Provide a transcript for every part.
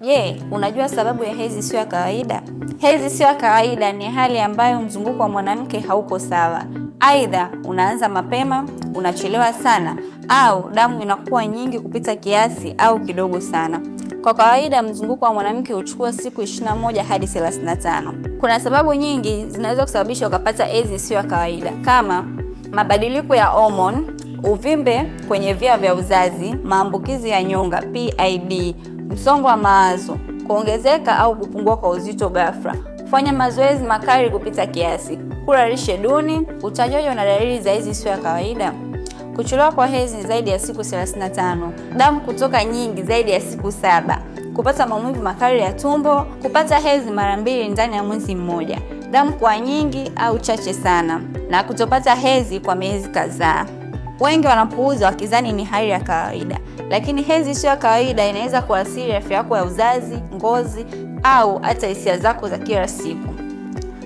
Je, unajua sababu ya hedhi sio ya kawaida? Hedhi sio ya kawaida ni hali ambayo mzunguko wa mwanamke hauko sawa. Aidha unaanza mapema, unachelewa sana, au damu inakuwa nyingi kupita kiasi au kidogo sana. Kwa kawaida mzunguko wa mwanamke huchukua siku 21 hadi 35. Kuna sababu nyingi zinaweza kusababisha ukapata hedhi sio ya kawaida kama mabadiliko ya homoni uvimbe kwenye via vya uzazi, maambukizi ya nyonga PID, msongo wa mawazo, kuongezeka au kupungua kwa uzito ghafla, kufanya mazoezi makali kupita kiasi, kula lishe duni. Utajojo na dalili za hizi sio ya kawaida: kuchelewa kwa hedhi zaidi ya siku 35, damu kutoka nyingi zaidi ya siku saba, kupata maumivu makali ya tumbo, kupata hedhi mara mbili ndani ya mwezi mmoja, damu kwa nyingi au chache sana, na kutopata hedhi kwa miezi kadhaa. Wengi wanapuuza wakizani ni hali ya kawaida, lakini hedhi sio ya kawaida inaweza kuathiri afya yako ya uzazi, ngozi au hata hisia zako za kila siku.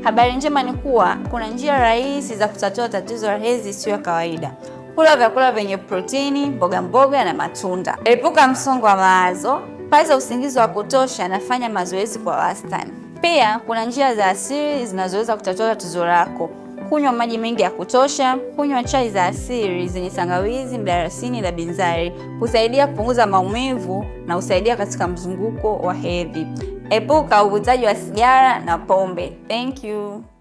Habari njema ni kuwa kuna njia rahisi za kutatua tatizo la hedhi sio ya kawaida. Kula vyakula vyenye protini, mboga mboga na matunda. Epuka msongo wa mawazo, pata usingizi wa kutosha na mazoezi kwa wastani. Pia kuna njia za asili zinazoweza kutatua tatizo lako kunywa maji mengi ya kutosha, kunywa chai za asili zenye tangawizi, mdalasini na binzari husaidia kupunguza maumivu na husaidia katika mzunguko wa hedhi. Epuka uvutaji wa sigara na pombe. Thank you.